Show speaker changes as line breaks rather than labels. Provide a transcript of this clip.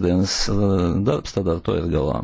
ikdienas eh, darbs, tad ar to ir galā.